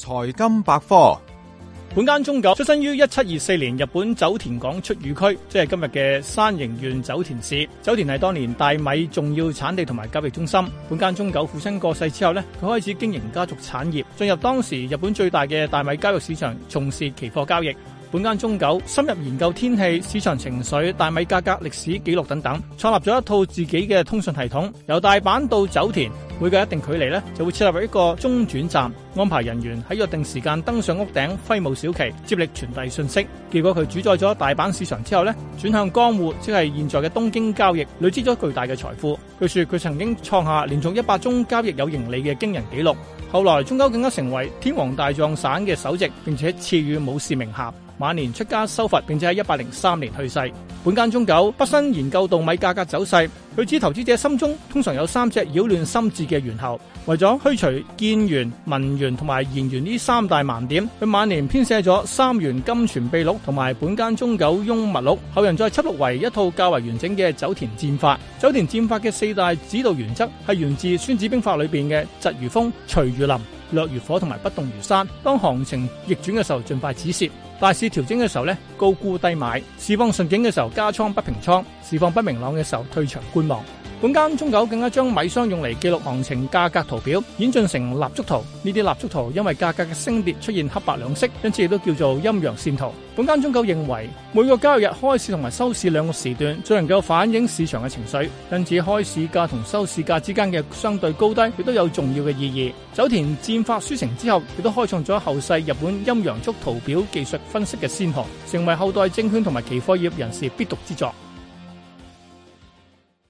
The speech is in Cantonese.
財金百科。本間宗久出生於一七二四年日本酒田港出羽區，即係今日嘅山形縣酒田市。酒田係當年大米重要產地同埋交易中心。本間宗久父親過世之後呢，佢開始經營家族產業，進入當時日本最大嘅大米交易市場，從事期貨交易。本間宗久深入研究天氣、市場情緒、大米價格、歷史記錄等等，創立咗一套自己嘅通訊系統，由大阪到酒田。每隔一定距離咧，就會設立入一個中轉站，安排人員喺約定時間登上屋頂揮舞小旗，接力傳遞信息。結果佢主宰咗大阪市場之後咧，轉向江戶，即係現在嘅東京交易，累積咗巨大嘅財富。據說佢曾經創下連續一百宗交易有盈利嘅驚人紀錄。後來宗久更加成為天皇大藏省嘅首席，並且賜予武士名額。晚年出家修佛，並且喺一八零三年去世。本間宗久不新研究稻米價格走勢。佢指投資者心中通常有三隻擾亂心智嘅猿猴，為咗去除見猿、聞猿同埋言猿呢三大盲點，佢晚年編寫咗《三猿金泉秘錄》同埋《本間宗久翁秘錄》，後人再輯錄為一套較為完整嘅《酒田戰法》。酒田戰法嘅四大指導原則係源自《孫子兵法》裏邊嘅疾如風，徐如林，掠如火同埋不動如山。當行情逆轉嘅時候，盡快止蝕；大市調整嘅時候咧，高沽低買；市況順境嘅時候，加倉不平倉；市況不明朗嘅時候，退場觀望。本間宗久更加將米商用嚟記錄行情價格圖表，演進成蠟燭圖。呢啲蠟燭圖因為價格嘅升跌出現黑白兩色，因此亦都叫做陰陽線圖。本間宗久認為每個交易日開市同埋收市兩個時段最能夠反映市場嘅情緒，因此開市價同收市價之間嘅相對高低，亦都有重要嘅意義。酒田戰法書成之後，亦都開創咗後世日本陰陽燭圖表技術分析嘅先河，成為後代證券同埋期貨業人士必讀之作。